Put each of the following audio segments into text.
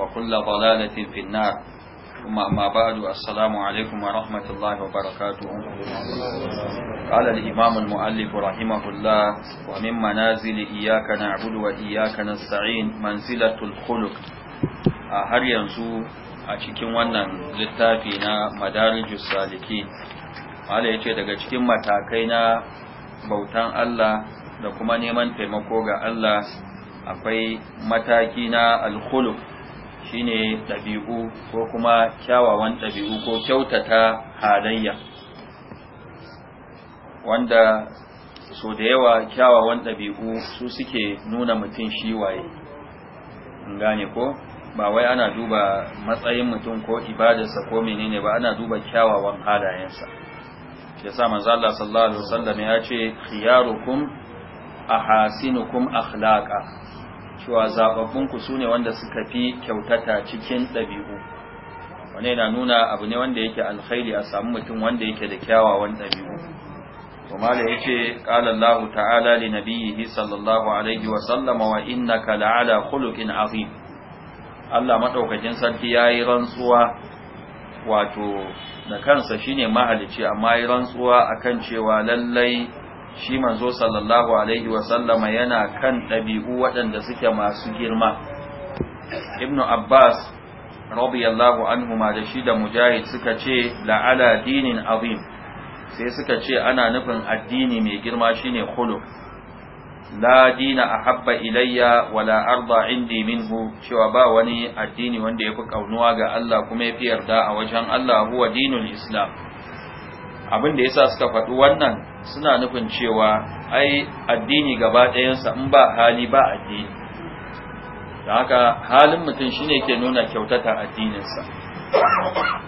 وكل ضلالة في النار ثم أما بعد السلام عليكم ورحمة الله وبركاته قال الإمام المؤلف رحمه الله ومن منازل إياك نعبد وإياك نستعين منزلة الخلق هر ينزو أشكين ونن للتافينا مدارج السالكين قال يتشي daga cikin matakai na bautan Allah da kuma neman taimako ga Allah akwai mataki na alkhuluk shine ɗabi'u ko kuma kyawawan ɗabi'u ko kyautata halayya wanda so da yawa kyawawan ɗabi'u su suke nuna mutum shi waye gane ko ba wai ana duba matsayin mutum ko ibadarsa ko menene ba ana duba kyawawan halayensa ya sa manzo Allah sallallahu alaihi wasallam ya ce khiyarukum ahasinukum akhlaqa cewa zababbunku su ne wanda suka fi kyautata cikin ɗabi'u wane na nuna abu ne wanda yake alkhairi a samu mutum wanda yake da kyawawan ɗabi'u kuma da yake ƙala Allah ta'ala li nabiyhi sallallahu alaihi wa sallama wa innaka la'ala khuluqin azim Allah madaukakin sarki yayi rantsuwa wato da kansa shine mahalici amma yayi rantsuwa akan cewa lallai shi manzo sallallahu alaihi wasallama yana kan ɗabi'u waɗanda suke masu girma ibnu abbas radiyallahu anhuma da shi da mujahid suka ce la'ala dinin azim sai suka ce ana nufin addini mai girma shine khuluq la dina ahabba ilayya wala arda indi minhu cewa ba wani addini wanda yafi kaunuwa ga Allah kuma yafi yarda a wajen Allah huwa dinul islam abin da yasa suka faɗi wannan suna nufin cewa ai addini gaba ɗayansa in ba hali ba addini da haka halin mutum shine ke nuna kyautata addininsa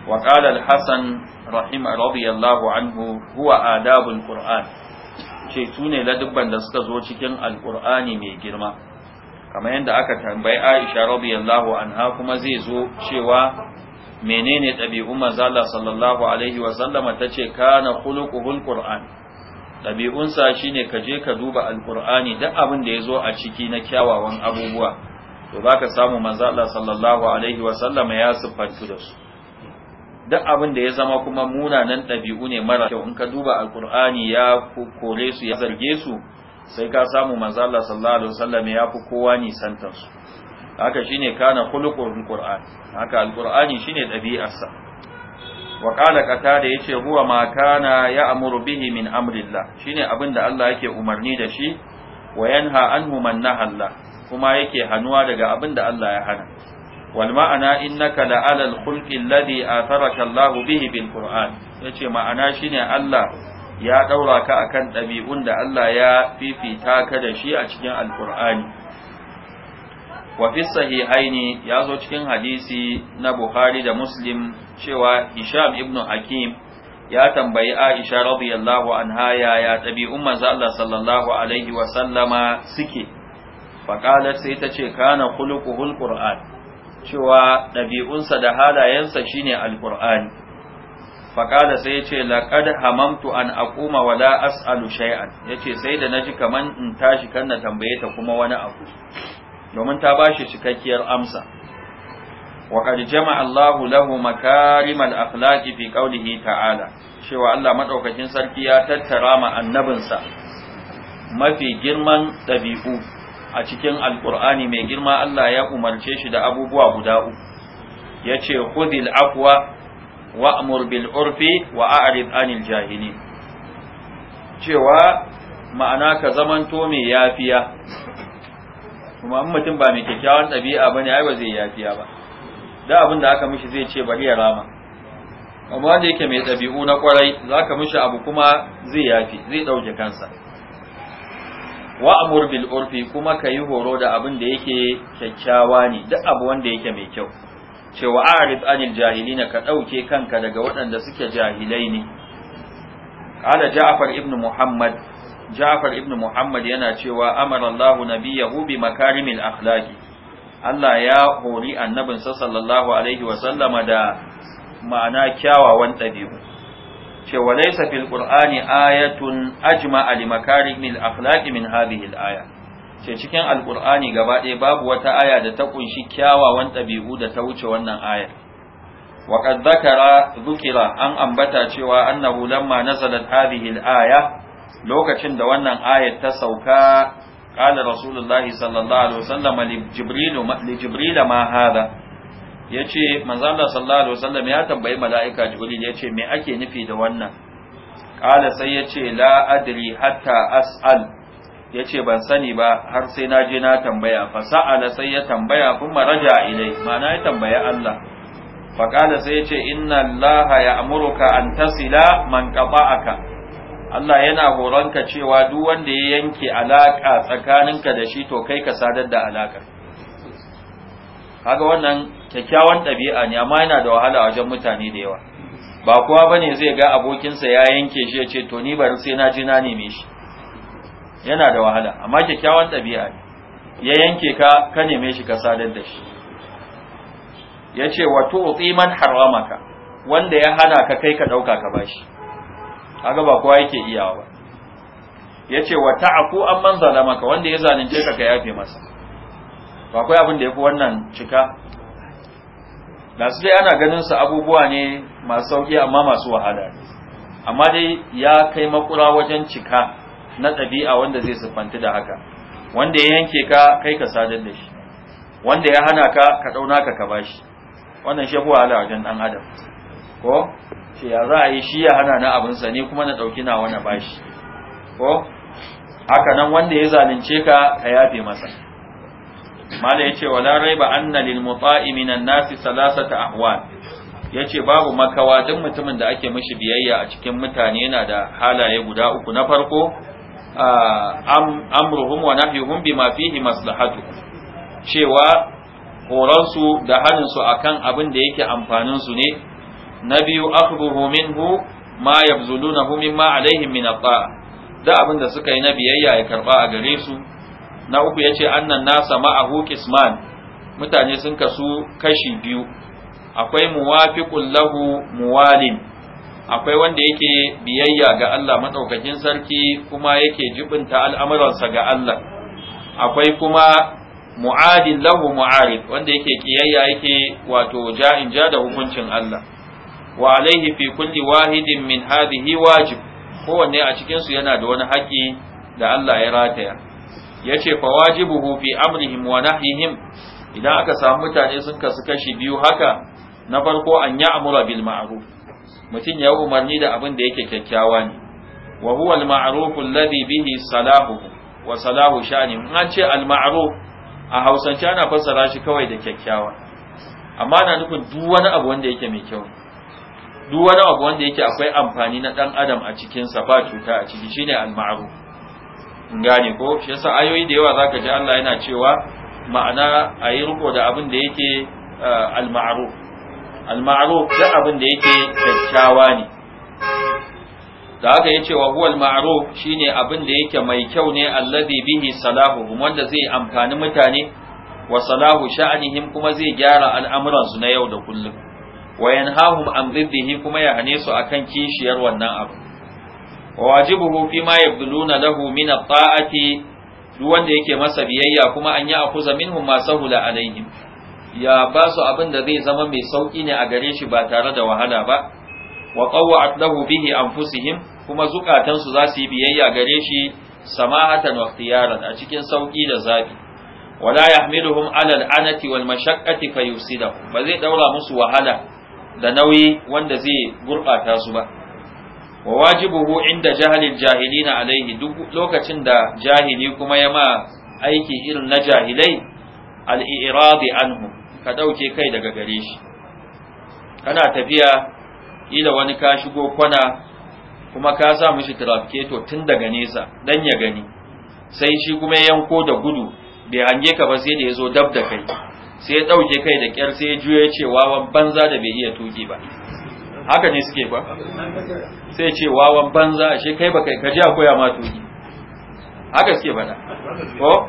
wa qala al-hasan rahim radiyallahu anhu huwa adabul qur'an ce tune ladubban da suka zo cikin alqur'ani mai girma kamar yadda aka tambayi Aisha radiyallahu anha kuma zai zo cewa menene ɗabi'un manzo Allah sallallahu alaihi wa sallama tace kana khuluquhul qur'an ɗabi'unsa shine ka je ka duba Alƙur'ani duk abin da ya zo a ciki na kyawawan abubuwa to za ka samu manzo Allah sallallahu alaihi wa sallama ya siffantu da su duk abin da ya zama kuma munanan ɗabi'u ne mara kyau in ka duba Alƙur'ani ya kore su ya zarge su sai ka samu manzo Allah sallallahu alaihi wa sallama ya fi kowa nisantar su haka shine kana khuluqul qur'an haka alqur'ani shine ɗabi'arsa wa qala qatada yace huwa ma ya amuru bihi min amrillah shine abin da Allah yake umarni da shi wa yanha anhu man nahalla kuma yake hanuwa daga abin da Allah ya hana wal ma'ana innaka la'ala al-khulqi alladhi atharaka Allah bihi bil Qur'an yace ma'ana shine Allah ya daura ka akan ɗabi'un da Allah ya fifita ka da shi a cikin al-Qur'ani wa fi sahihaini ya zo cikin hadisi na Bukhari da Muslim cewa Hisham ibn Hakim ya tambayi Aisha radiyallahu anha ya ɗabi'un za Allah sallallahu alaihi wa sallama suke faqalat sai ta ce kana khuluquhul alquran cewa ɗabi'unsa da halayensa shine alqur'ani faqala sai ya ce laqad hamamtu an aquma wa la as'alu shay'an yace sai da naji kaman in tashi kan na tambaye ta kuma wani abu domin ta ba shi cikakkiyar amsa wa qad jama'a Allahu lahu makarimal akhlaqi fi qawlihi ta'ala cewa Allah madaukakin sarki ya tattara ma annabinsa mafi girman ɗabi'u a cikin Alƙur'ani mai girma Allah ya umarce shi da abubuwa guda uku yace khudhil afwa wa'mur bil urfi wa a'rid anil jahilin cewa ma'ana ka zamanto mai yafiya kuma an mutum ba mai kyakkyawan ɗabi'a ba ne ai ba zai yafiya ba da abin da aka mishi zai ce bari ya rama amma wanda yake mai ɗabi'u na kwarai za ka mishi abu kuma zai yafi zai ɗauke kansa wa amur bil urfi kuma ka yi horo da abin da yake kyakkyawa ne duk abu wanda yake mai kyau cewa a'rid anil jahilina ka ɗauke kanka daga waɗanda suke jahilai ne Kada jafar ibnu Muhammad. Ja'far ibn Muhammad yana cewa amara Allahu nabiyahu bi makarimil akhlaqi Allah ya hori annabinsa sallallahu alaihi wa sallama da ma'ana kyawawan ɗabi'u cewa laysa fil qur'ani ayatun ajma'a li makarimil akhlaqi min hadhihi al aya ce cikin alqur'ani gaba ɗaya babu wata aya da ta kunshi kyawawan ɗabi'u da ta wuce wannan ayar وقد ذكر an ambata cewa شوى lamma لما نزلت هذه الآية lokacin da wannan ayat ta sauka qala rasulullahi sallallahu alaihi wasallam li jibril ma hada yace manzo Allah sallallahu alaihi wasallam ya tambayi malaika jibril yace me ake nufi da wannan qala sai yace la adri hatta as'al yace ban sani ba har sai na je na tambaya fa sa'ala sai ya tambaya kuma raja ilai ma'ana ya tambaya Allah fa qala sai yace inna Allah ya'muruka an tasila man qata'aka Allah yana horonka cewa duk wanda ya yanke alaka tsakaninka da shi to kai ka sadar da alakar kaga wannan kyakkyawan ɗabi'a ne amma yana da wahala wajen mutane da yawa ba kowa bane zai ga abokinsa ya yanke shi ya ce to ni bari sai na ji na neme shi yana da wahala amma kyakkyawan ɗabi'a ne ya yanke ka ka neme shi ka sadar da shi ya ce wa tu'ti man haramaka wanda ya hana ka kai ka ɗauka ka bashi kaga ba kowa yake iyawa ba yace wa man amman zalamaka wanda ya zalunce ka ka yafe masa ba akwai abin da yafi wannan cika da su dai ana ganin su abubuwa ne masu sauki amma masu wahala amma dai ya kai makura wajen cika na ɗabi'a wanda zai siffanti da haka wanda ya yanke ka kai ka sadar da shi wanda ya hana ka ka ɗauna ka ka bashi wannan shi wahala wajen ɗan adam ko ce ya za a yi shi ya hana na abinsa ne kuma na ɗauki na wani bashi ko haka nan wanda ya zalunce ka ka yafe masa mala ya ce wala raiba anna lil muta'i minan nasi salasata ahwal ya ce babu makawa duk mutumin da ake mishi biyayya a cikin mutane yana da halaye guda uku na farko amruhum wa nahyuhum bima fihi maslahatu cewa horansu da haninsu akan abin da yake amfanin su ne na biyu akhduhu minhu ma yabzulunahu mimma alaihim min atta da abin da suka yi na biyayya ya karba a gare su na uku yace annan nasa ma'ahu qisman mutane sun kasu kashi biyu akwai muwafiqun lahu muwalin akwai wanda yake biyayya ga Allah madaukakin sarki kuma yake jibinta al'amuransa ga Allah akwai kuma mu'adin lahu mu'arid wanda yake kiyayya yake wato ja'in ja da hukuncin Allah wa alaihi fi kulli wahidin min hadhihi wajib kowanne a cikin su yana da wani haƙi da Allah ya rataya yace fa wajibuhu fi amrihim wa nahyihim idan aka samu mutane sun kasu kashi biyu haka na farko an amura bil ma'ruf mutum ya umarni da abin da yake kyakkyawa ne wa huwa al ma'ruf alladhi bihi salahu wa salahu sha'ni an ce al ma'ruf a hausance ana fassara shi kawai da kyakkyawa amma na nufin duk wani abu wanda yake mai kyau duk wani abu wanda yake akwai amfani na dan adam a cikin ba cuta a ciki shine al-ma'ruf gane ko shi yasa ayoyi da yawa zaka ji Allah yana cewa ma'ana ayi riko da abin da yake uh, al-ma'ruf al-ma'ruf da abin da yake kyakkyawa ne da haka yace wa huwa al-ma'ruf shine abin da yake mai kyau ne allazi bihi salahu wanda zai amfani mutane wa salahu sha'anihim kuma zai gyara al'amuransu na yau da kullum wa yanhahum an diddihi kuma ya hane su akan kishiyar wannan abu wa wajibuhu fi ma yabduluna lahu min at-ta'ati duk wanda yake masa biyayya kuma an ya akuza minhum ma sahula alaihim ya ba su abin da zai zama mai sauki ne a gare shi ba tare da wahala ba wa qawwa'at lahu bihi anfusihim kuma zukatansu za su yi biyayya gare shi samahatan wa ikhtiyaran a cikin sauki da zabi wala yahmiluhum ala al-anati wal mashaqqati fayusidahum ba zai daura musu wahala da nauyi wanda zai gurɓata su ba wa wajibuhu inda jahili jahilina alaihi duk lokacin da jahili kuma ya ma aiki irin na jahilai al anhu ka ɗauke kai daga gare shi kana tafiya ila wani ka shigo kwana kuma ka sa mishi trafiketo tun daga nesa dan ya gani sai shi kuma ya yanko da gudu bai hange ka ba sai da ya zo dab da kai sai ya ɗauke kai da ƙyar sai ya juya ce wawan banza da bai iya tuki ba haka ne suke ba sai ce wawan banza ashe kai ba kai ka ji a koya ma tuki haka suke faɗa ko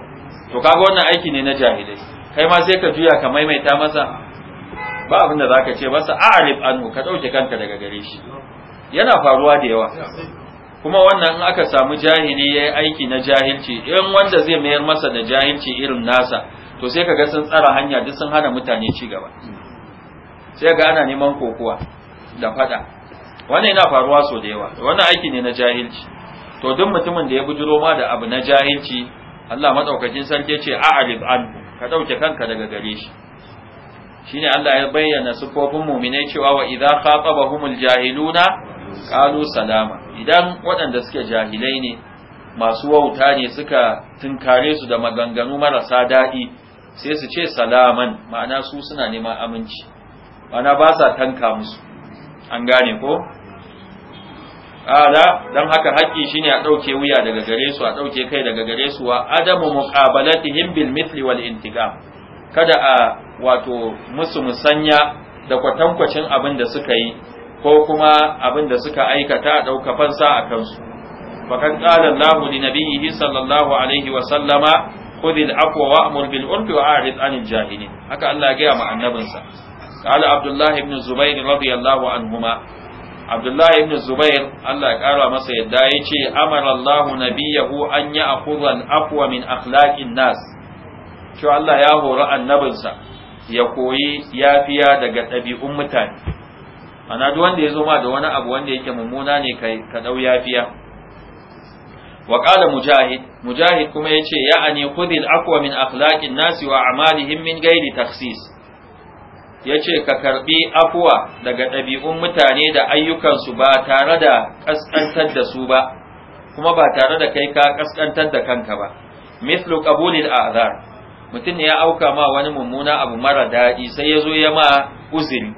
to kaga wannan aiki ne na jahilai kai ma sai ka juya ka maimaita masa ba abin da zaka ce masa a'rif anhu ka ɗauke kanka daga gare shi yana faruwa da yawa kuma wannan in aka samu jahili yayi aiki na jahilci in wanda zai mayar masa da jahilci irin nasa to sai ka ga sun tsara hanya duk sun hana mutane ci gaba sai ga ana neman kokowa da fada wannan yana faruwa so da yawa wannan aiki ne na jahilci to duk mutumin da ya bujuro ma da abu na jahilci Allah madaukakin sarki ce a'rib an ka dauke kanka daga gare shi shine Allah ya bayyana sifofin mu'minai cewa wa idza khatabahumul jahiluna qalu salama idan waɗanda suke jahilai ne masu wauta ne suka tunkare su da maganganu marasa daɗi sai su ce salaman ma'ana su suna neman aminci ma'ana ba sa tanka musu an gane ko ala don haka haƙƙi shine a ɗauke wuya daga gare su a ɗauke kai daga gare su wa adamu muqabalatihim bil mithli wal intiqam kada a wato musu musanya da kwatankwacin abin da suka yi ko kuma abin da suka aikata a ɗauka fansa a kansu fakan ƙala Allah li nabiyhi sallallahu alaihi wa sallama khudil afwa wa'mur bil urfi wa a'rid anil jahilin haka Allah ya gaya wa annabinsa قال عبد الله بن الزبير رضي الله Abdullahi عبد الله بن الزبير الله قال masa yadda yace amara Allah nabiyahu an ya'khudha al-afwa min akhlaqin nas to Allah ya hori annabinsa ya koyi yafiya daga ɗabi'un mutane ana wanda ya zama da wani abu wanda yake mummuna ne ka dau yafiya wa qala mujahid mujahid kuma yace ya'ani khudil aqwa min akhlaqin nasi wa a'malihim min ghairi takhsis yace ka karbi akwa daga ɗabi'un mutane da ayyukansu ba tare da kaskantar da su ba kuma ba tare da kai ka kaskantar da kanka ba mithlu qabulil a'zar mutum ne ya auka ma wani mummuna abu mara daɗi sai ya zo ya ma uzuri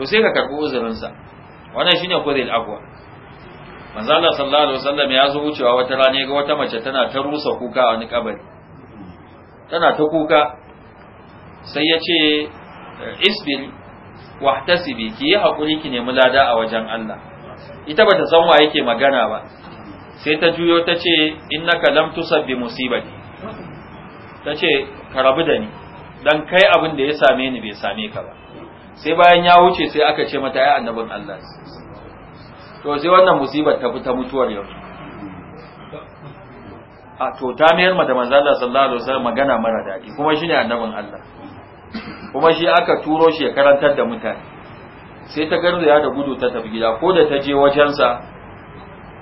to sai ka karɓi uzurinsa wannan shine khudil aqwa manzala sallallahu alaihi wasallam ya zo wucewa wata rana ga wata mace tana ta rusa kuka a wani kabari tana ta kuka sai ya ce isbiri wahtasibi ki yi hakuri ki nemi lada a wajen Allah ita bata san wa yake magana ba sai ta juyo ta ce innaka lam tusabbi musibati ta ce ka rabu da ni dan kai abin da ya same ni bai same ka ba sai bayan ya wuce sai aka ce mata ai annabin Allah to sai wannan musibar ta fi ta mutuwar yau a to ta mayar da manzo Allah sallallahu alaihi wasallam magana mara daɗi kuma shine annabin Allah kuma shi aka turo shi ya karantar da mutane sai ta ya da gudu ta tafi gida ko da ta je sa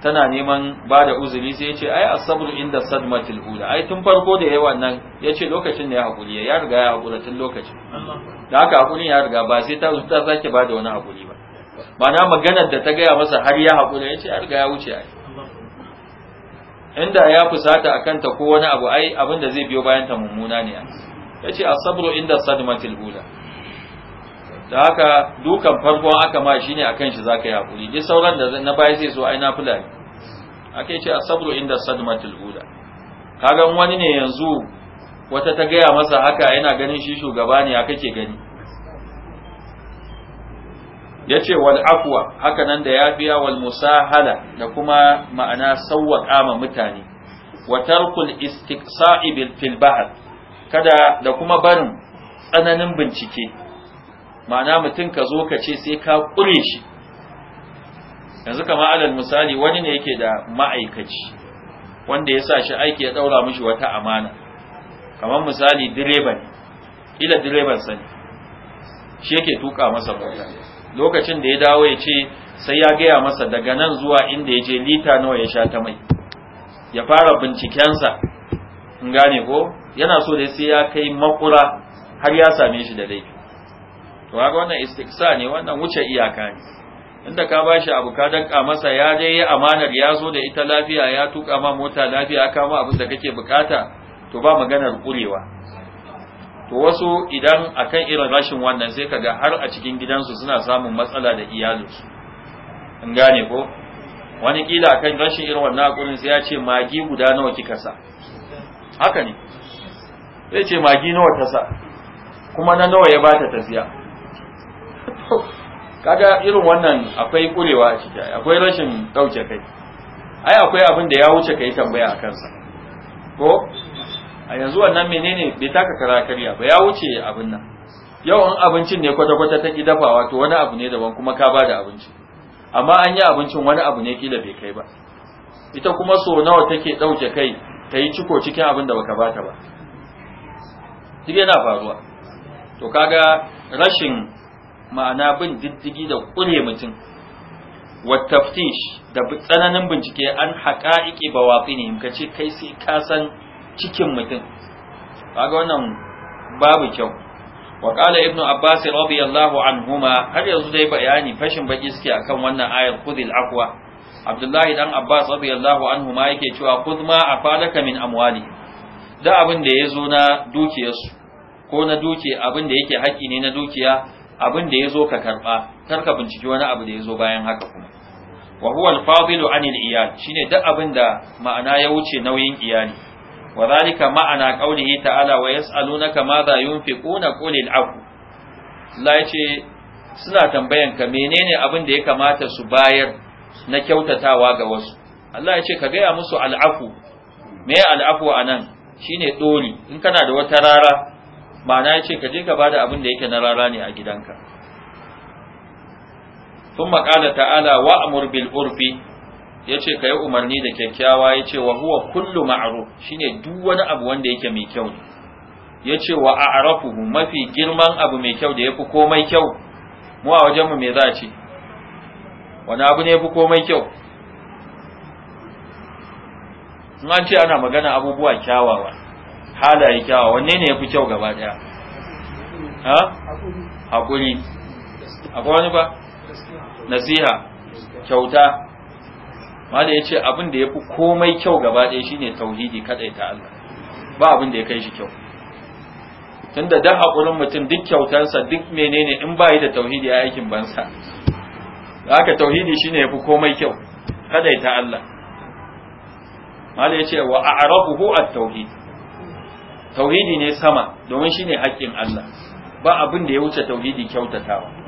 tana neman ba da uzuri sai ya ce ai asabru inda sadmatil ula ai tun farko da yayi wannan ya ce lokacin da ya hakuri ya riga ya haƙura tun lokacin da haka hakuri ya riga ba sai ta ta sake ba da wani hakuri ba Mana maganar da ta gaya masa har ya haƙura ya ce ya riga ya wuce ai inda ya fusata a kanta ko wani abu ai abin da zai biyo bayan ta mummuna ne ya ce a sabro inda sadmatil ula da haka dukan farkon aka ma shi ne a kan shi za ka yi haƙuri duk sauran da na baya zai so ai na fula ne aka ce a sabro inda sadmatil ula kagan wani ne yanzu wata ta gaya masa haka yana ganin shi shugaba ne ya kake gani ya ce wal afwa haka nan da biya wal musahala da kuma ma'ana sawwaka ma mutane wa tarkul istiqsa'i fil bahr kada da kuma barin tsananin bincike ma'ana mutum ka zo ka ce sai ka kure shi yanzu kama alal misali wani ne yake da ma'aikaci wanda ya sa shi aiki ya daura mishi wata amana kamar misali direban ila direban sani shi yake tuka masa mota lokacin da ya dawo ya ce sai ya gaya masa daga nan zuwa inda ya je lita nawa ya sha ta mai ya fara bincikensa in gane ko yana so da sai ya kai makura har ya same shi da laifi to haka wannan istiksa ne wannan wuce iyaka ne inda ka bashi abu ka danka masa ya dai ya amanar ya zo da ita lafiya ya tuka ma mota lafiya ka ma abin da kake bukata to ba maganar kurewa to wasu idan akan irin rashin wannan sai kaga har a cikin gidansu suna samun matsala da iyalinsu in gane ko wani kila akan rashin irin wannan hakurin sai ya ce magi guda nawa kika sa haka ne zai ce magi nawa ta sa kuma na nawa ya bata ta siya kaga irin wannan akwai kurewa a ciki akwai rashin dauke kai ai akwai abin da ya wuce kai tambaya a kansa ko a yanzu wannan menene bai taka kara karya ba ya wuce abin nan yau in abincin ne kwata-kwata ta ki dafawa to wani abu ne daban kuma ka bada abinci amma an yi abincin wani abu ne kila bai kai ba ita kuma so nawa take ɗauke kai ta yi ciko cikin abin da baka bata ba duk yana faruwa to kaga rashin ma'ana bin diddigi da ƙure mutum wataftish, da tsananin bincike an haƙa'iƙi ba waƙi ne ka kai sai ka san cikin mutum kaga wannan babu kyau wa qala ibnu abbas radiyallahu anhuma har yanzu dai bayani fashin baki suke akan wannan ayar khudil aqwa abdullahi dan abbas radiyallahu anhuma yake cewa khudh ma afalaka min amwali da abin da yazo na dukiyarsu ko na dukiya abin da yake haƙi ne na dukiya abin da yazo ka karba karka binciki wani abu da yazo bayan haka kuma wa huwa al-fadilu anil iyal shine duk abin da ma'ana ya wuce nauyin iyali wa zalika ma'ana qaulihi ta'ala wa yas'alunaka madha yunfiquna qul al-afu Allah yace suna tambayan ka menene abin da ya kamata su bayar na kyautatawa ga wasu Allah yace ka gaya musu al-afu me al-afu anan shine dori in kana da wata rara ma'ana yace ka je ka bada abin da yake na rara ne a gidanka maƙala ta'ala تعالى bil urfi ya ce ka yi umarni da kyakkyawa ya ce wa huwa kullu ma'ruf shine duk wani abu wanda yake mai kyau ya ce wa a'rafuhu mafi girman abu mai kyau da yafi komai kyau mu a wajenmu me za a ce wani abu ne yafi komai kyau in an ce ana magana abubuwa kyawawa halaye kyawawa wanne ne yafi kyau gaba daya ha hakuri akwai wani ba nasiha kyauta ya yace abin da yafi komai kyau gaba ɗaya shine tauhidi kadai ta Allah ba abin da ya kai shi kyau tunda da hakurin mutum duk kyautarsa duk menene in ba yi da tauhidi a aikin bansa haka tauhidi shine yafi komai kyau kadai ta Allah mala yace wa a'rafuhu at-tauhid tauhidi ne sama domin shine haƙƙin Allah ba abin da ya wuce tauhidi kyautatawa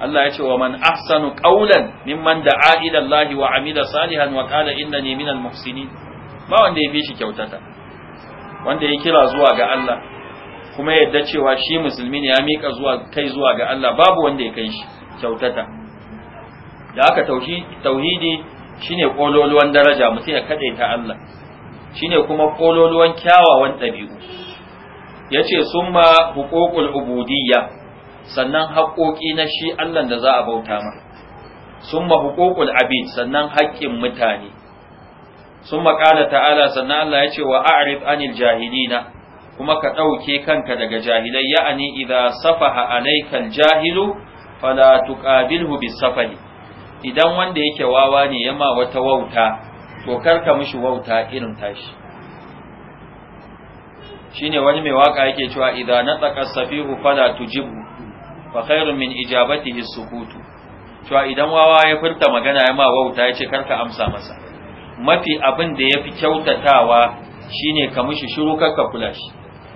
Allah ya ce wa man ahsanu qawlan mimman da'a ila Allah wa amila salihan wa qala innani minal muhsinin ba wanda ya bishi kyautata wanda ya kira zuwa ga Allah kuma yadda cewa shi musulmi ne ya mika zuwa kai zuwa ga Allah babu wanda ya kai shi kyautata da haka tauhidi shine kololuwan daraja mutum ya ta Allah shine kuma kololuwan kyawawan ɗabi'u yace summa huququl ubudiyya sannan haƙoƙi na shi Allah da za a bauta ma sun huququl abid sannan haƙƙin mutane sun maƙala ta'ala sannan Allah ya ce wa a'rif anil jahilina kuma ka ɗauke kanka daga jahilai ya'ani idza safaha alaikal jahilu fala tuqabilhu bisafahi idan wanda yake wawa ne yama wata wauta to karka mishi wauta irin tashi shine wani mai waka yake cewa idza nataka safihu fala tujibu fa khairun min ijabatihi sukutu cewa idan wawa ya furta magana ya ma wauta ya ce karka amsa masa mafi abin da ya fi kyautatawa shine ka mishi shiru karka kula shi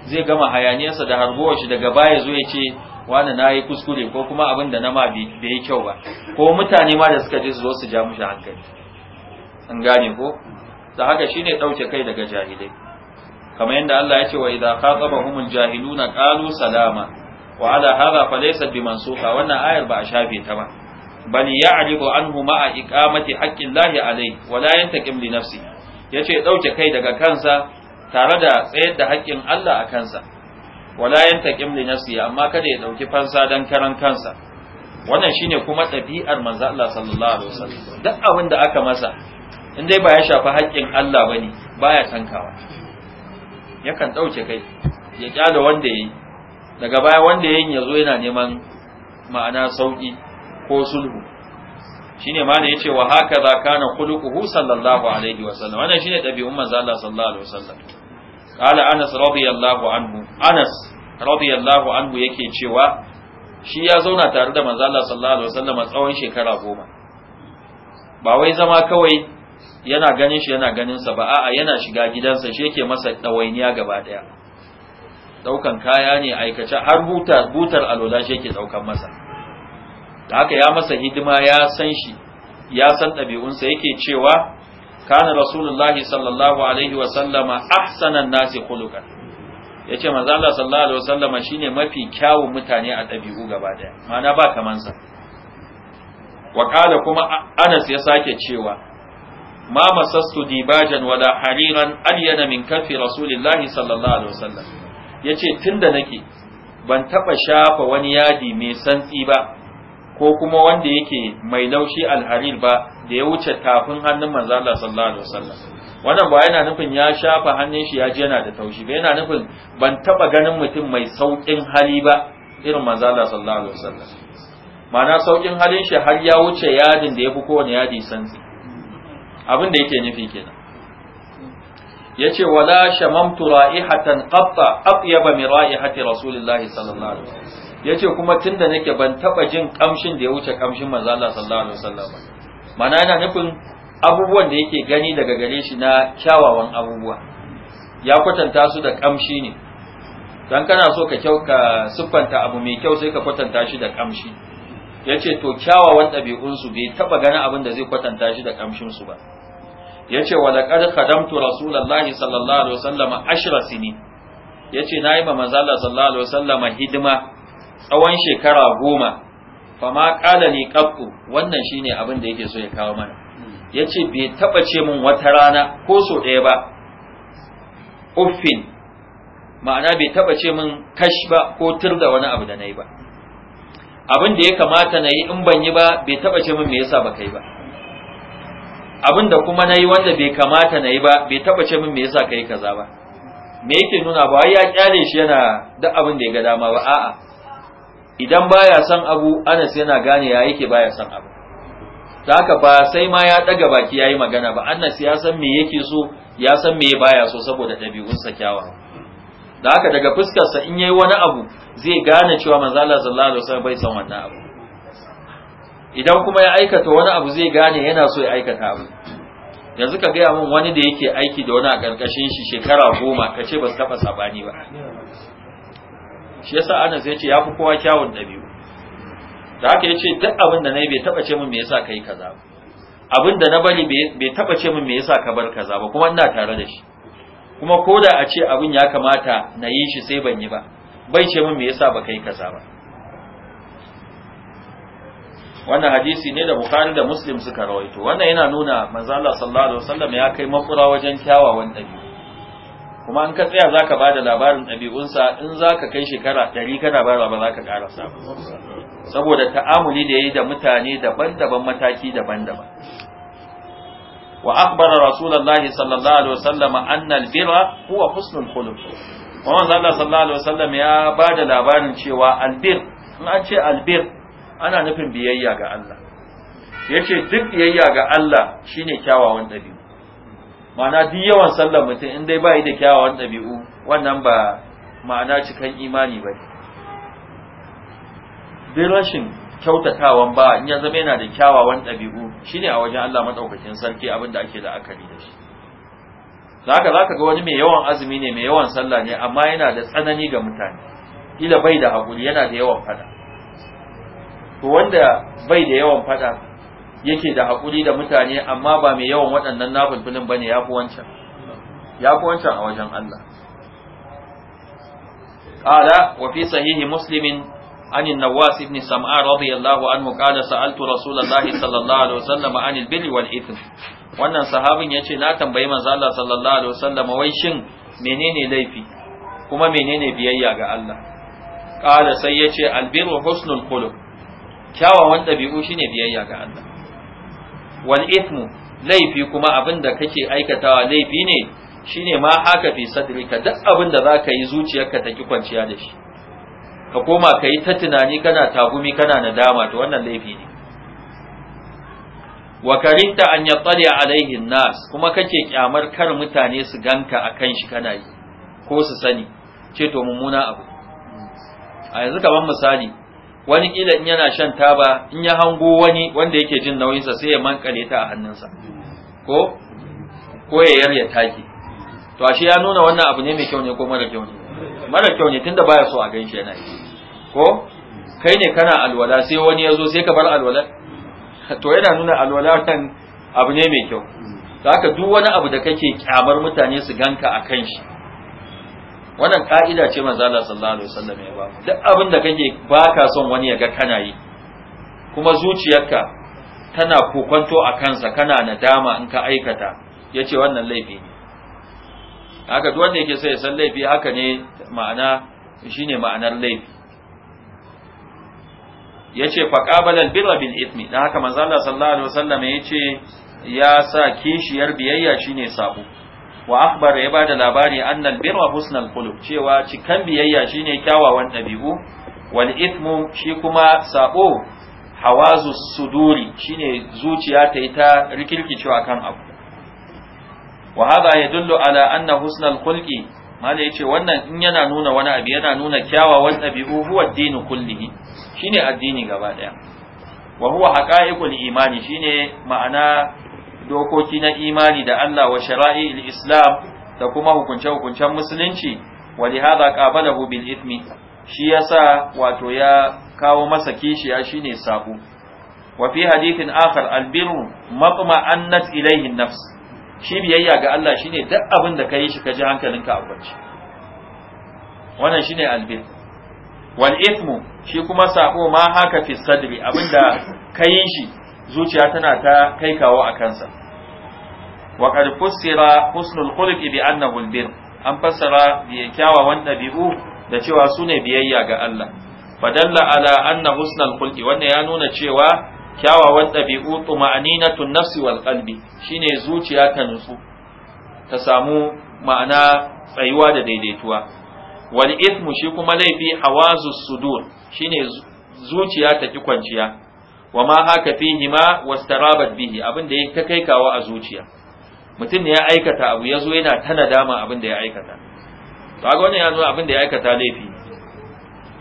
zai gama hayaniyarsa da harbuwar shi daga baya zo ya ce wani na yi kuskure ko kuma abin da na ma bai yi kyau ba ko mutane ma da suka ji zo su ja mishi hankali an gane ko da haka shine ɗauke kai daga jahilai kamar yadda Allah ya ce wa idza khatabahumul jahiluna qalu salama wa ala hadha fa laysa bi mansukha wannan ayar ba a shafe ta ba bal ya'rifu anhu ma'a iqamati haqqillahi alayhi wa la yantaqim li nafsi yace dauke kai daga kansa tare da tsayar da haƙƙin Allah a kansa Wa la yantaqim li nafsi amma kada ya dauki fansa dan karan kansa wannan shine kuma ɗabi'ar manzo Allah sallallahu alaihi wasallam duk abin da aka masa in dai ba ya shafi haƙƙin Allah bane baya tankawa yakan dauke kai ya kyale wanda yayi daga baya wanda yayin yazo yana neman ma'ana sauƙi ko sulhu shine ma ne yace wa haka za kana khuluquhu sallallahu alaihi wa sallam wannan shine dabi'un manzo Allah sallallahu alaihi wa sallam qala Anas radiyallahu anhu Anas radiyallahu anhu yake cewa shi ya zauna tare da manzo Allah sallallahu alaihi wa sallam tsawon shekara goma ba wai zama kawai yana ganin shi yana ganin sa ba a'a yana shiga gidansa shi yake masa dawainiya gaba daya daukan kaya ne aikace har butar butar alola shi yake daukan masa da haka ya masa hidima ya san shi ya san ɗabi'unsa yake cewa kana rasulullahi sallallahu alaihi wa sallama ahsanan nasi khuluqa yace manzo Allah sallallahu alaihi wa sallama shine mafi kyawun mutane a ɗabi'u gaba daya ma'ana ba kaman sa wa kala kuma Anas ya sake cewa ma masastu dibajan wala hariran ألين min kafi رسول sallallahu alaihi wa sallam. ya ce tun da nake ban taɓa shafa wani yadi mai santsi ba ko kuma wanda yake mai laushi alharir ba da ya wuce tafin hannun manzo Allah sallallahu alaihi wasallam wannan ba yana nufin ya shafa hannun shi ya ji yana da taushi ba yana nufin ban taɓa ganin mutum mai saukin hali ba irin manzo Allah sallallahu alaihi wasallam ma'ana sauƙin halin shi har ya wuce yadin da ya fi kowane yadi santsi abin da yake nufi kenan yace wala shamamtu ra'ihatan qatta atyaba min ra'ihati rasulillahi sallallahu alaihi wasallam yace kuma tunda nake ban taba jin kamshin da ya wuce kamshin manzo Allah sallallahu alaihi wasallam mana yana nufin abubuwan da yake gani daga gare shi na kyawawan abubuwa ya kwatanta su da kamshi ne dan kana so ka kyau ka siffanta abu mai kyau sai ka kwatanta shi da kamshi yace to kyawawan ɗabi'unsu bai taba ganin abin da zai kwatanta shi da kamshin su ba yace wa laqad khadamtu rasulullahi sallallahu alaihi wasallam ashra sini yace nayi ma manzo Allah sallallahu alaihi wasallam hidima tsawon shekara goma ma qala ni qattu wannan shine abin da yake so ya kawo mana yace bai taba ce min wata rana ko so ɗaya ba uffin ma'ana bai taba ce min kash ba ko turda wani abu da na yi ba abin da ya kamata na yi in ban yi ba bai taba ce min me yasa ba kai ba abin da kuma na yi wanda bai kamata na yi ba bai taba ce min me yasa ka kaza ba me yake nuna ba ya kyale shi yana da abin da ya ga dama ba a'a idan baya san abu anas yana gane ya yake baya son abu ta haka ba sai ma ya daga baki yayi magana ba anas ya san me yake so ya san me baya so saboda sa kyawa da haka daga fuskarsa in yayi wani abu zai gane cewa manzo Allah sallallahu alaihi wasallam bai san wannan abu idan kuma ya aikata wani abu zai gane yana so ya aikata abu yanzu ka gaya min wani da yake aiki da wani a ƙarƙashin shi shekara goma ka ce ba su taɓa sabani ba shi yasa anas ya ce ya fi kowa kyawun biyu da haka ya ce duk abin da na yi bai taɓa ce min me yasa ka yi kaza ba abin da na bari bai taɓa ce min me yasa ka bar kaza ba kuma ina tare da shi kuma ko da a ce abin ya kamata na yi shi sai ban yi ba bai ce min me yasa ba yi kaza ba wannan hadisi ne da bukari da muslim suka rawaito wannan yana nuna manzo Allah sallallahu alaihi wasallam ya kai makura wajen kyawawan dabi'u kuma in ka tsaya zaka bada labarin ɗabi'unsa in zaka kai shekara ɗari kana bayarwa ba zaka ƙara samu saboda ta'amuli da yayi da mutane daban-daban mataki daban-daban wa akhbara rasulullahi sallallahu alaihi wasallam anna albira huwa husnul khuluq kuma manzo Allah sallallahu alaihi wasallam ya bada labarin cewa albir in an ce albir ana nufin biyayya ga Allah yace duk biyayya ga Allah shine kyawawan ɗabi'u ma'ana duk yawan sallar mutum in dai ba yi da kyawawan ɗabi'u wannan ba ma'ana cikan imani ba duk rashin kyautatawan ba in ya zama yana da kyawawan ɗabi'u shine a wajen Allah madaukakin sarki abin da ake la'akari da shi da haka zaka ga wani mai yawan azumi ne mai yawan sallah ne amma yana da tsanani ga mutane Ila bai da hakuri yana da yawan fada to wanda bai da yawan fada yake da haƙuri da mutane amma ba mai yawan waɗannan nafulfulin bane ya fi wancan ya fi wancan a wajen Allah Ƙada wa fi sahihi muslimin عن النواس بن سمعان رضي الله عنه قال سألت رسول الله صلى الله عليه وسلم عن البر wannan sahabin ya ce na tambayi manzo Allah sallallahu alaihi wasallam wai shin menene laifi kuma menene biyayya ga Allah Ƙada sai ya ce albiru husnul khuluq kyawawan ɗabi'u shine biyayya ga Allah wal ithmu laifi kuma abin da kake aikatawa laifi ne shine ma haka fi sadrika duk abin da ka yi zuciyarka ta ki kwanciya da shi ka koma ka yi ta tunani kana tagumi kana nadama to wannan laifi ne wa karinta an yattali alaihi nas kuma kake kyamar kar mutane su ganka akan shi kana yi ko su sani ce to mummuna abu a yanzu kamar misali wani kila in yana shan taba in ya hango wani wanda yake jin nauyinsa sai ya mankale ta a hannunsa ko ko ya yarya taki to ashe ya nuna wannan abu ne mai kyau ne ko mara kyau ne mara kyau ne tunda baya so a gaishe yana yi ko kai ne kana alwala sai wani ya zo sai ka bar alwala to yana nuna alwala kan abu ne mai kyau haka duk wani abu da kake kyamar mutane su ganka a kan shi wannan ka'ida ce manzo Allah sallallahu alaihi wasallam ya ba duk abin da kake baka son wani ya ga kana yi kuma zuciyarka tana kokonto a kansa kana nadama in ka aikata yace wannan laifi ne haka duk wanda yake sai ya san laifi haka ne ma'ana shine ma'anar laifi yace faqabala albirra bil ithmi dan haka manzo Allah sallallahu alaihi wasallam yace ya sa kishiyar biyayya shine sabo wa akhbar ya bada labari annal birra husnal khuluq cewa cikan biyayya shine kyawawan dabi'u wal ithmu shi kuma sabo hawazu suduri shine zuciya ta yi ta rikirkicewa kan abu wa hada yadullu ala anna husnal khulqi mala yace wannan in yana nuna wani abu yana nuna kyawawan dabi'u huwa dinu kullihi shine addini gaba daya wa huwa haqa'iqul imani shine ma'ana dokoki na imani da Allah wa shara'i'il islam da kuma hukunce-hukuncen musulunci wa lihadha qabalahu bil ithmi shi yasa wato ya kawo masa kishiya shine ne wa fi hadithin akhar al birru annat ilayhi nafs shi biyayya ga Allah shine duk abin da kai shi ka ji hankalinka a kwance wannan shine al albir. wal ithmu shi kuma sabo ma haka fi sadri abinda kai shi zuciya tana ta kai kawo a kansa Waƙar qad Husnal husnul khuluqi bi annahu an fassara kyawawan ɗabi'u da cewa sune biyayya ga Allah fadalla ala anna Husnal khuluqi wannan ya nuna cewa kyawawan dabi'u tuma'aninatun nafsi wal qalbi shine zuciya ta nutsu ta samu ma'ana tsayuwa da daidaituwa wal ithmu shi kuma laifi hawazus sudur shine zuciya ta ki kwanciya wa ma haka fihi ma wastarabat bihi abin da ta kai kawo a zuciya mutum ne ya aikata abu ya zo yana ta nadama abin da ya aikata to ga wannan ya zo abin da ya aikata laifi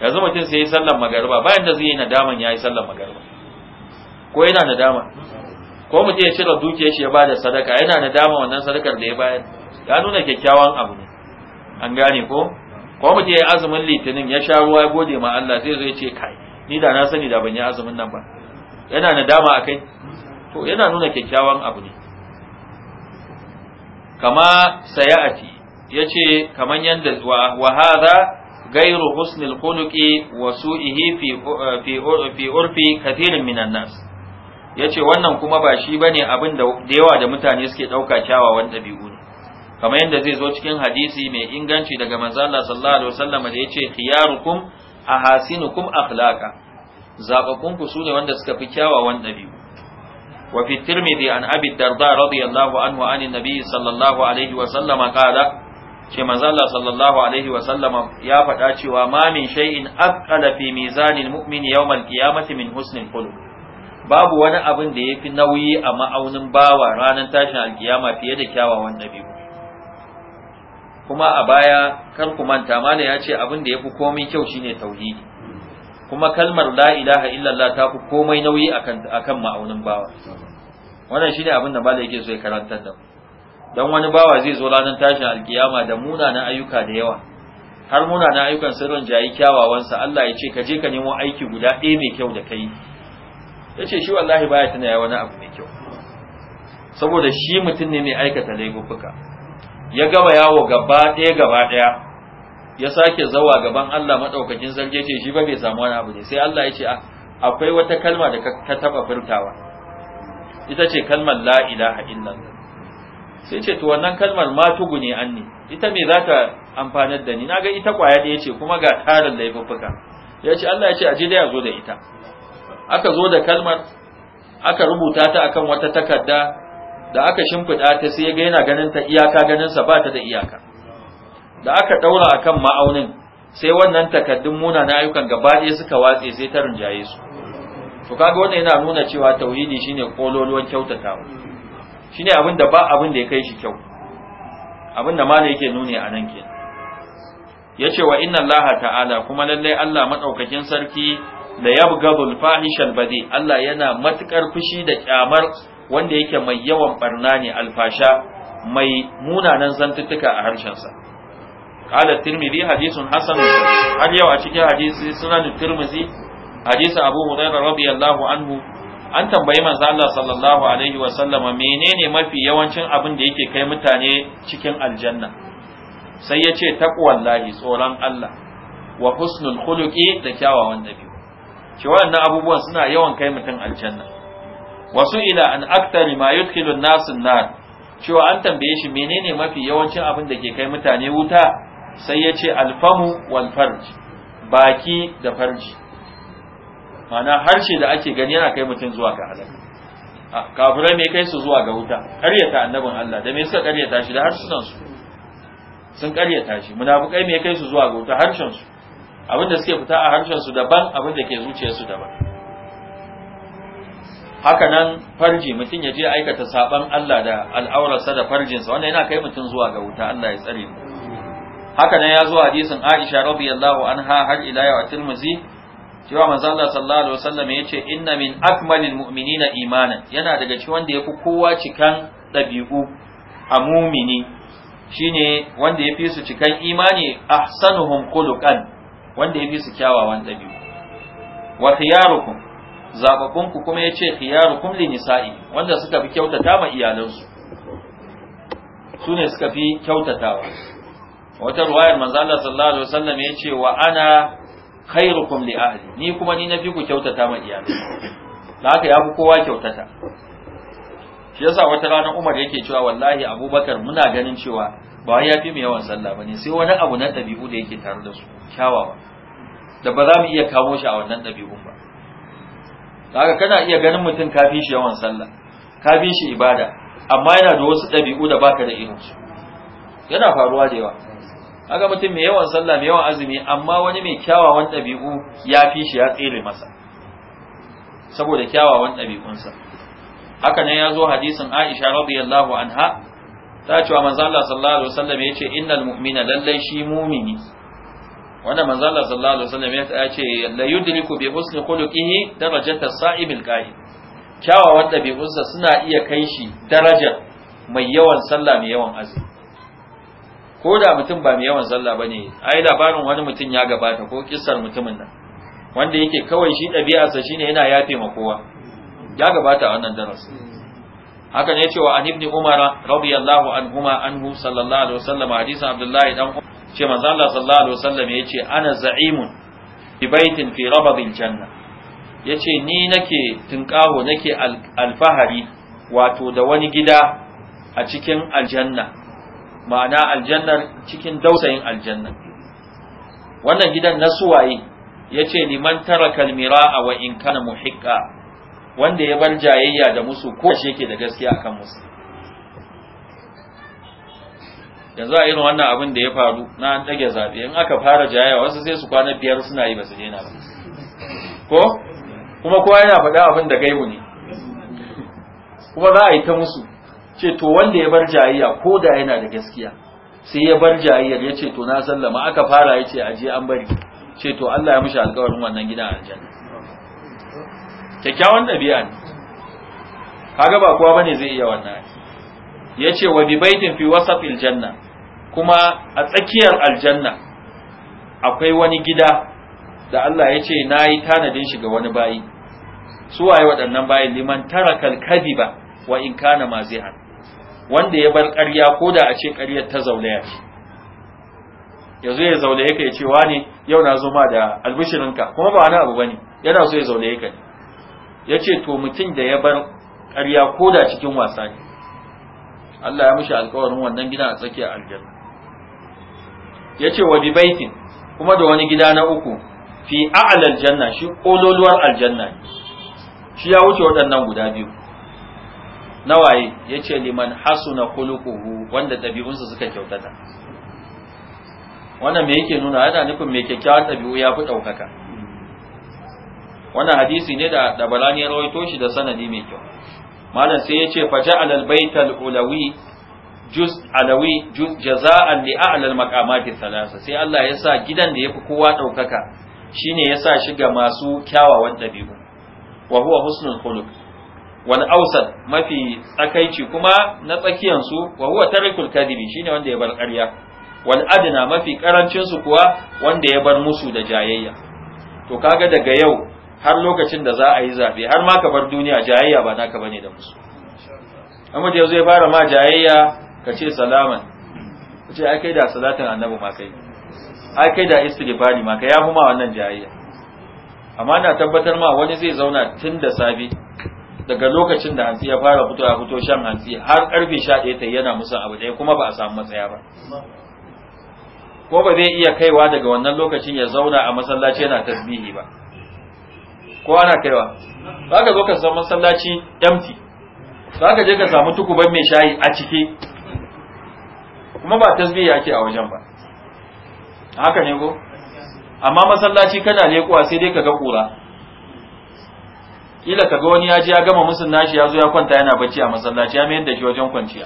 yanzu mutum sai ya yi sallar magariba bayan da zai yi nadaman ya yi sallar magariba ko yana nadama ko mutum ya cire dukiyar shi ya bada sadaka yana nadama wannan sadakar da ya bayar ya nuna kyakkyawan abu ne an gane ko ko mutum ya yi azumin litinin ya sha ruwa ya gode ma Allah sai zo ya ce kai ni da na sani da ban yi azumin nan ba yana nadama akai to yana nuna kyakkyawan abu ne kama sayati yace kaman yanda wa hadha gairu husnil khuluqi wa su'ihi fi fi fi urfi kathirin minan nas yace wannan kuma ba shi bane abin da yawa da mutane suke dauka kyawawan dabi'u ne kamar yadda zai zo cikin hadisi mai inganci daga manzo Allah sallallahu alaihi wasallam da yace khiyarukum ahasinukum akhlaqa zabakun ku ne wanda suka fi kyawawan dabi'u وفي الترمذي عن أبي الدرداء رضي الله عنه عن النبي صلى الله عليه وسلم قال ce manzala sallallahu alaihi wa sallam ya faɗa cewa ma min shay'in aqala fi mizanil mu'min yawm al-qiyamati min husnil khuluq babu wani abin da yafi nauyi a ma'aunin bawa ranar tashin alkiyama fiye da kyawawan dabi'u kuma a baya kar ku manta mana ya ce abin da yafi komai kyau shine tauhidi kuma kalmar la ilaha illallah ta fi komai nauyi akan akan ma'aunin bawa wannan shine abin da malai yake so ya karantar da dan wani bawa zai zo ranar tashin alkiyama da na ayyuka da yawa har na ayyukan sirrin jayi sa, Allah ya ce ka je ka nemo aiki guda ɗaya mai kyau da kai yace shi wallahi baya tana yawa wani abu mai kyau saboda shi mutum ne mai aikata laifuffuka ya gama yawo gaba ɗaya gaba ɗaya ya sake zawa gaban Allah madaukakin sarki ce, shi ba bai samu wani abu ne sai Allah ya ce ah, akwai wata kalma da ka taba furtawa ita ce kalmar la ilaha illallah sai ce to wannan kalmar ma tugu ne anni ita me za ta amfanar da ni naga ita kwaya da yace kuma ga tarin laifuffuka ce Allah ya ce aje da zo da ita aka zo da kalmar aka rubuta ta akan wata takarda da aka shimfiɗa ta sai ya ga yana ganin ta iyaka ganin sa ba ta da iyaka da aka daura akan ma'aunin sai wannan takaddun muna na ayyukan gaba ɗaya suka watse sai ta rinjaye su to kaga wannan yana nuna cewa tauhidi shine kololuwan kyautatawa shine abin da ba abin da ya kai shi kyau abin da malai yake nuni a nan kenan yace wa inna Allah ta'ala kuma lallai Allah madaukakin sarki da yabgabul fahishal badi Allah yana matukar fushi da kyamar wanda yake mai yawan barna ne alfasha mai munanan zantuttuka a harshen sa. قال الترمذي حديث حسن har yau a cikin سنن الترمذي حديث hadisi abu رضي الله anhu an tambayi manzo Allah sallallahu alaihi wa sallama menene mafi yawancin abin da yake kai mutane cikin aljanna sai ya ce taqwallahi tsoron Allah wa husnul khuluqi da kyawawan nabi ce wannan abubuwan suna yawan kai mutum aljanna wasu ila an aktari ma yudkhilun nasun nar cewa an tambaye shi menene mafi yawancin abin da ke kai mutane wuta sai ya ce alfamu wal farji baki da farji Mana harshe da ake gani yana kai mutum zuwa ga halaka ah, kafirai mai kai su zuwa ga wuta Ƙaryata annabin Allah da me suka ƙaryata shi da harsunan su sun ƙaryata shi munafikai mai kai su zuwa ga wuta harshen su abinda suke fita a harshen su daban abinda ke zuciyar su daban haka nan farji mutum ya je aikata saban Allah da al'aurarsa da farjinsa wannan yana kai mutum zuwa ga wuta Allah ya tsare mu haka nan ya zo hadisin Aisha radiyallahu anha har ila yau a Tirmidhi cewa manzo Allah sallallahu alaihi wasallam yace inna min akmalil mu'minina imanan yana daga cikin wanda yafi kowa cikan dabi'u a mumini shine wanda yafi su cikan imani ahsanuhum khuluqan wanda yafi su kyawawan dabi'u wa khiyarukum zababun ku kuma yace khiyarukum li nisa'i wanda suka fi kyautata ma iyalansu su ne suka fi kyautatawa wata ruwayar manzo Allah sallallahu alaihi wasallam ya ce wa ana khairukum li ahli ni kuma ni nafi ku kyautata ma iyali da haka yafi kowa kyautata shi yasa wata rana Umar yake cewa wallahi Abubakar muna ganin cewa ba ya fi mu yawan sallah bane sai wani abu na dabi'u da yake tare da su kyawawa da ba za mu iya kamo shi a wannan dabi'un ba da haka kana iya ganin mutum kafin shi yawan sallah kafin shi ibada amma yana da wasu dabi'u da baka da irin su yana faruwa da yawa aga mutum mai yawan sallah mai yawan azumi amma wani mai kyawawan ɗabi'u ya fi shi ya tsere masa saboda kyawawan ɗabi'unsa haka nan ya zo hadisin Aisha radiyallahu anha ta ce wa manzo Allah sallallahu alaihi wasallam yace innal mu'mina lallai shi mu'mini wannan manzo Allah sallallahu alaihi wasallam ya ce la yudriku bi husni khuluqihi darajata sa'imil qa'im kyawawan ɗabi'unsa suna iya kai shi darajar mai yawan sallah mai yawan azumi ko da mutum ba mai yawan sallah bane ai labarin wani mutum ya gabata ko kissar mutumin nan wanda yake kawai shi ɗabi'arsa shine yana yafe ma kowa ya gabata a wannan darasi haka ne cewa an ibni umara radiyallahu anhuma anhu sallallahu alaihi wasallam hadisin abdullahi dan ce manzo Allah sallallahu alaihi wasallam yace ana za'imun bi baitin fi rabadin janna yace ni nake tunkaho nake alfahari wato da wani gida a cikin aljanna ma'ana aljannar cikin dausayin aljannar wannan gidan na suwaye ya ce liman tarakal mira'a wa in kana muhiqqa wanda ya bar jayayya da musu ko shi yake da gaskiya akan musu yanzu a irin wannan abin da ya faru na an dage zabe in aka fara jayayya wasu sai su kwana biyar suna yi ba su daina ba ko kuma kowa yana faɗa abin da gaibu ne kuma za a yi ta musu ce to wanda ya bar jayayya ko da yana da gaskiya sai ya bar jayayyar ya ce to na sallama aka fara ya ce aje an bari ce to Allah ya mishi alƙawarin wannan gidan aljanna kyakkyawan ɗabi'a ne kaga ba kowa bane zai iya wannan ya ce wa baitin fi wasafil janna kuma a tsakiyar aljanna akwai wani gida da Allah ya ce na yi tanadin shi ga wani bayi su waye waɗannan bayi liman tara kalkadi ba wa in kana mazihan wanda ya bar ƙarya ko da a ce ƙaryar ta zaune shi yanzu ya zaune ka ya ce ne yau na zo da albishirinka kuma ba wani abu ne, yana so ya zaune ka ne ya ce to mutum da ya bar ƙarya ko da cikin wasa ne Allah ya mishi alkawarin wannan gida a tsakiya aljanna ya ce wa bi kuma da wani gida na uku fi a'lal janna shi kololuwar aljanna ne shi ya wuce waɗannan guda biyu nawaye yace liman hasuna khuluquhu wanda dabi'unsa suka kyautata wannan me yake nuna yana nufin me kyakkyawan ɗabi'u ya fi daukaka wannan hadisi ne da da balani ya rawaito shi da sanadi mai kyau malam sai yace faja alal baital ulawi juz alawi juz jaza'an li a'la al-maqamati thalatha sai Allah ya sa gidan da yafi kowa daukaka shine ya sa shi ga masu kyawawan ɗabi'u. wa huwa husnul khuluq wal ausad mafi tsakaici kuma na tsakiyan su wa huwa tarikul kadibi shine wanda ya bar ƙarya wal adna mafi karancin su kuwa wanda ya bar musu da jayayya to kaga daga yau har lokacin da za a yi zabe har ma ka bar duniya jayayya ba naka bane da musu amma da yazo ya fara ma jayayya ka ce salaman ka ce ai kai da salatin annabi ma kai ai kai da istighfari ma ya fi ma wannan jayayya amma na tabbatar ma wani zai zauna tun da safe daga lokacin da hantsi ya fara fito ya fito shan hantsi har karfe ɗaya ta yana musu abu ɗaya kuma ba a samu matsaya ba ko ba zai iya kaiwa daga wannan lokacin ya zauna a masallaci yana tasbihi ba ko ana kaiwa Ba ka zo ka samu masallaci empty za ka je ka samu tukuban mai shayi a ciki. kuma ba tasbihi ake a wajen ba haka ne ko amma masallaci kana lekuwa sai dai ka ga kura kila kaga wani ya ji ya gama musun nashi ya zo ya kwanta yana bacci a masallaci ya mayar da shi wajen kwanciya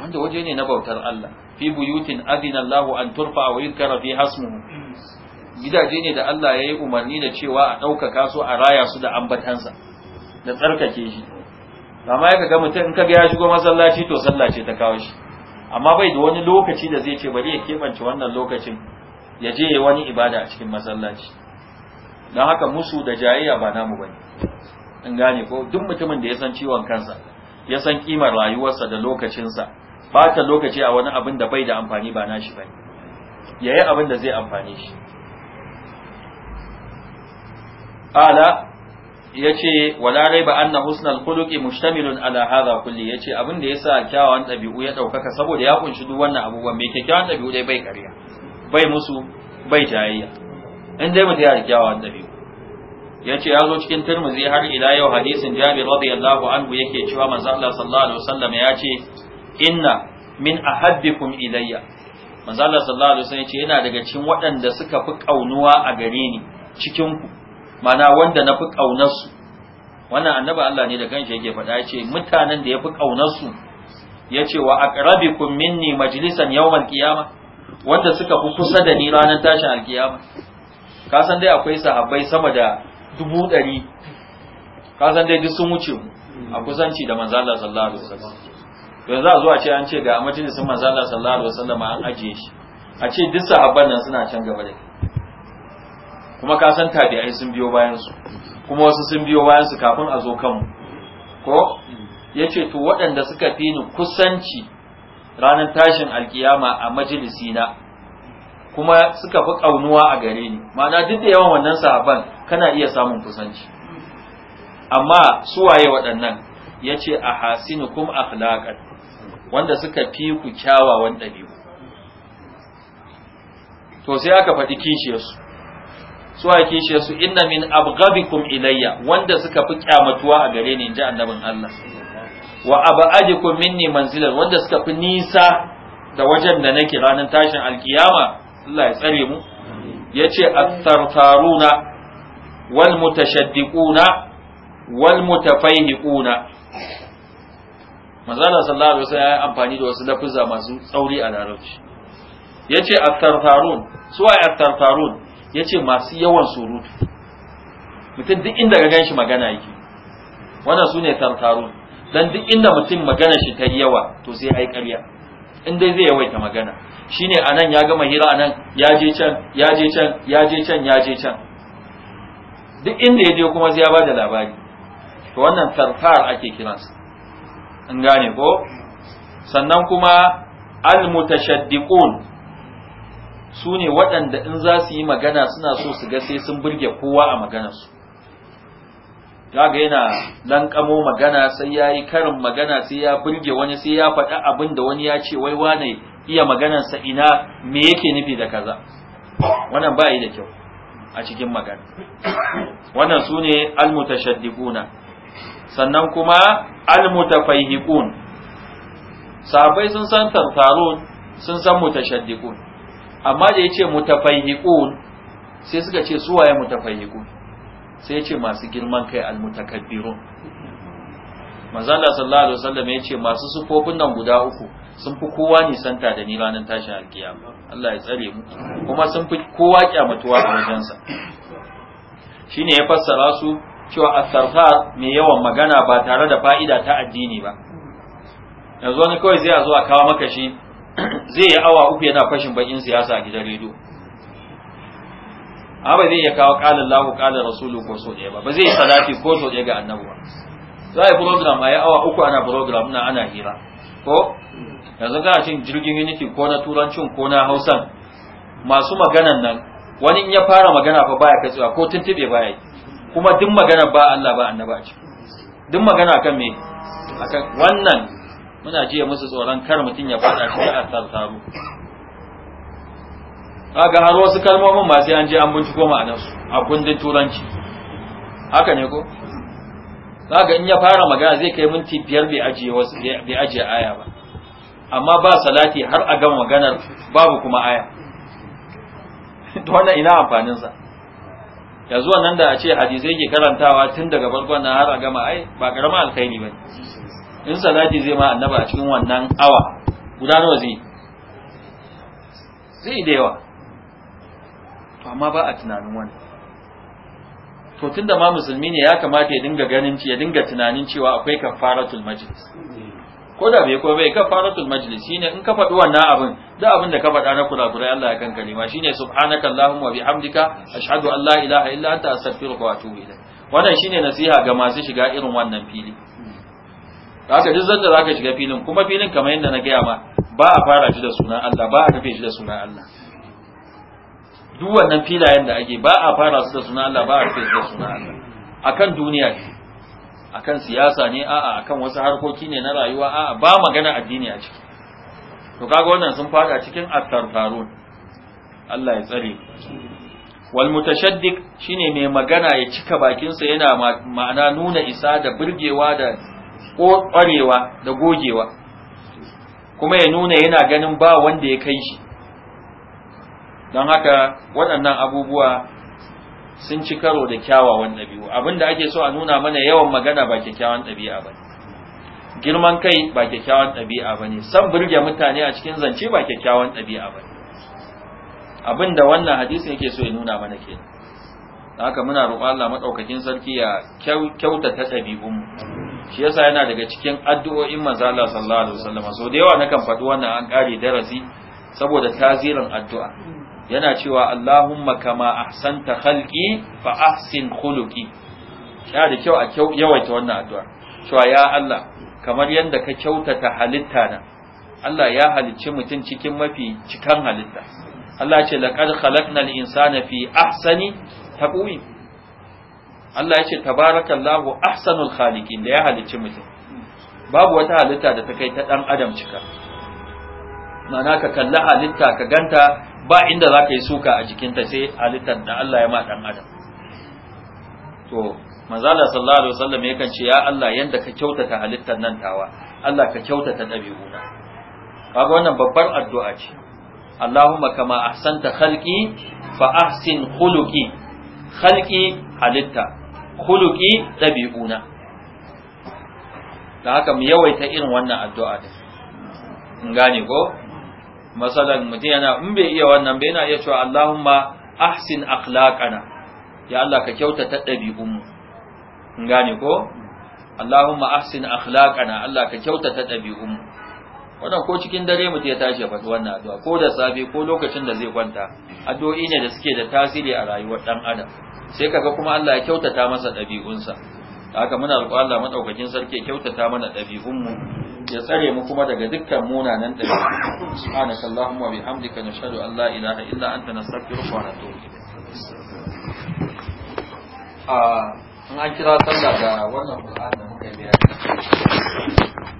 wanda waje ne na bautar Allah fi buyutin adina Allah an turfa wa yukara fi hasmu gidaje ne da Allah ya yi umarni da cewa a ɗaukaka su a raya su da ambatansa da tsarkake shi amma ya kaga mutum in kaga ya shigo masallaci to sallah ta kawo shi amma bai da wani lokaci da zai ce bari ya keɓance wannan lokacin ya je wani ibada a cikin masallaci don haka musu da jayayya ba namu bane in gane ko duk mutumin da ya san ciwon kansa ya san kimar rayuwarsa da lokacinsa ba ta lokaci a wani abin da bai da amfani ba nashi bane yayi abin da zai amfane shi ala yace wala raiba anna husnal khuluqi mushtamilun ala hadha kulli yace abin da yasa kyawawan dabi'u ya daukaka saboda ya kunshi duk wannan abubuwan me kyawawan dabi'u dai bai kariya bai musu bai jayayya in dai mutum ya da kyawawan ɗabi'u ya ce ya zo cikin turmuzi har ila yau hadisin jabir radiyallahu anhu yake cewa manzo Allah sallallahu alaihi wasallam ya ce inna min ahabbikum ilayya manzo Allah sallallahu alaihi wasallam ya ce yana daga cikin waɗanda suka fi kaunuwa a gare ni cikin ku mana wanda na fi kaunar su wannan annabi Allah ne da kanshi yake faɗa ya ce mutanen da ya fi kaunar su ya ce wa aqrabikum minni majlisan yawmal qiyamah wanda suka fi kusa da ni ranar tashin alkiyama ka san dai akwai sahabbai sama da dubu ɗari ka san dai duk sun wuce mu a kusanci da manzo Allah sallallahu alaihi wasallam yanzu a zuwa ce an ce ga majalisin manzo Allah sallallahu alaihi wasallam an ajiye shi a ce duk sahabban nan suna can gaba da kuma ka san tabi'ai sun biyo bayan su kuma wasu sun biyo bayan su kafin a zo kanmu ko yace to waɗanda suka fi ni kusanci ranar tashin alkiyama a majalisi na kuma suka fi ƙaunuwa a gare ni ma'ana duk da yawan wannan sahaban kana iya samun kusanci amma su suwaye waɗannan ya ce a kum akhlaqan wanda suka fi ku kyawawan ɗabi'u to sai aka faɗi kishiyarsu suwaye kishiyarsu inna min abghabikum ilayya wanda suka fi kyamatuwa a gare ni inji annabin Allah wa abajikum minni manzilan wanda suka fi nisa da wajen da nake ranar tashin alkiyama Allah ya tsare mu yace at-tartaruna wal mutashaddiquna wal mutafayhiquna Allah sallallahu alaihi wasallam ya amfani da wasu lafuzza masu tsauri a larabci yace at-tartarun wa at-tartarun yace masu yawan surutu mutum duk inda ka ganshi magana yake wannan sune tartarun dan duk inda mutum magana shi ta yawa to sai ai ƙarya in dai zai yawaita magana shine anan ya gama hira anan ya je can ya je can ya je can ya je can duk inda ya je kuma zai ya bada labari to wannan tarfar ake kiransa in gane ko sannan kuma almutashaddiqun su ne waɗanda in za su yi magana suna so su ga sai sun burge kowa a maganarsu kaga yana lanƙamo magana sai ya yi karin magana sai ya burge wani sai ya faɗa abin da wani ya ce wai wane iya maganarsa ina me yake nufi da kaza wannan ba yi da kyau a cikin magana wannan su ne sannan kuma almutafaihiqun Sabai sun san tartarun sun san mutashaddiqun amma da yace mutafaihiqun sai suka ce su waye mutafaihiqun sai ya ce masu girman kai almutakabbirun manzala sallallahu alaihi wasallam ya ce masu sufofin nan guda uku sun fi kowa nisanta da ni ranar tashin alkiyama Allah ya tsare mu kuma sun fi kowa kyamatuwa a wajensa shine ya fassara su cewa asarfa mai yawan magana ba tare da fa'ida ta addini ba yanzu wani kawai zai a zo a kawo maka shi zai yi awa uku yana fashin bakin siyasa a gidan rediyo a ba zai iya kawo kalin lahu kalin rasulu ko so ɗaya ba ba zai yi salati ko so ɗaya ga annabi ba za a yi program a yi awa uku ana program na ana hira ko yanzu kana cin jirgin unity ko na turancin ko na hausan masu maganan nan wani in ya fara magana fa baya katsewa ko tuntube baya yi kuma duk magana ba Allah ba annaba a ciki duk magana akan me akan wannan muna jiya musu tsoron kar mutum ya faɗa shi a tsarsaru kaga har wasu kalmomin ma sai an je an binciko ma'anarsu a kundin turanci haka ne ko kaga in ya fara magana zai kai minti biyar bai ajiye wasu bai ajiye aya ba amma ba salati har a gama maganar babu kuma aya to wannan ina amfanin sa yanzu wannan da a ce hadisai ke karantawa tun daga farkon nan har a gama ai ba karama alkhairi ba in salati zai ma annaba a cikin wannan awa guda nawa zai zai da yawa to amma ba a tunanin wani to tunda ma musulmi ne ya kamata ya dinga ganin ya dinga tunanin cewa akwai kafaratul majlis ko da bai ko bai kafaratul majlis shine in ka faɗi wannan abin da abin da ka faɗa na kurakurai Allah ya kan kalima shine subhanaka allahumma wa bihamdika ashhadu an la ilaha illa anta astaghfiruka wa atubu ilaik wannan shine nasiha ga masu shiga irin wannan fili haka duk zanda zaka shiga filin kuma filin kamar yadda na gaya ma ba a fara shi da sunan Allah ba a rufe shi da sunan Allah duk wannan filayen da ake ba a fara su da suna Allah ba a rufe da suna Allah akan duniya ne akan siyasa ne a'a akan wasu harkoki ne na rayuwa a'a ba magana addini a ciki to kaga wannan sun fada cikin at-tartarun Allah ya tsare wal mutashaddiq shine mai magana ya cika bakinsa yana ma'ana nuna isa da burgewa da ƙwarewa da gogewa kuma ya nuna yana ganin ba wanda ya kai shi don haka waɗannan abubuwa sun ci karo da kyawawan ɗabi'u abinda ake so a nuna mana yawan magana ba kyakkyawan ɗabi'a ba girman kai ba kyakkyawan ɗabi'a ba ne san burge mutane a cikin zance ba kyakkyawan ɗabi'a ba ne abinda wannan hadisin yake so ya nuna mana Da haka muna roƙon Allah maɗaukakin sarki ya kyautata ɗabi'un shi yasa yana daga cikin addu'o'in maza Allah sallallahu alaihi wasallam so da yawa nakan faɗi wannan an ƙare darasi saboda tazirin addu'a yana cewa Allahumma kama ahsanta khalqi fa ahsin khuluqi yana da kyau a yawaita wannan addu'a cewa ya Allah kamar yadda ka kyautata halitta na Allah ya halicci mutum cikin mafi cikan halitta Allah ce laqad khalaqnal insana fi ahsani taqwim Allah ya ce tabarakallahu ahsanul khaliqin da ya halicci mutum babu wata halitta da ta kai ta dan adam cika ma'ana ka kalli halitta ka ganta ba inda za ka yi suka a jikinta sai halittar da Allah ya ma ɗan adam to manzala sallallahu alaihi wasallam yakan ce ya Allah yanda ka kyautata halittar nan tawa Allah ka kyautata ɗabi'una kaga wannan babbar addu'a ce Allahumma kama ahsanta khalqi fa ahsin khuluqi khalqi halitta khuluqi ɗabi'una da haka mu yawaita irin wannan addu'a din gane ko masalan mutum yana in bai iya wannan bai yana iya cewa Allahumma ahsin akhlaqana ya Allah ka kyautata ɗabi'unmu in gane ko Allahumma ahsin akhlaqana Allah ka kyautata ɗabi'unmu wannan ko cikin dare mu ya tashi ya wannan addu'a ko da safe ko lokacin da zai kwanta addu'o'i ne da suke da tasiri a rayuwar dan adam sai kaga kuma Allah ya kyautata masa ɗabi'unsa haka muna alƙawarin Allah madaukakin sarki ya kyautata mana ɗabi'unmu ya tsare mu kuma daga dukkan munanan da subhanaka allahumma wa bihamdika nashhadu an la ilaha illa anta nastaghfiruka wa natubu ilayk ah, in an kira sallah da wannan Qur'an da muka yi bayani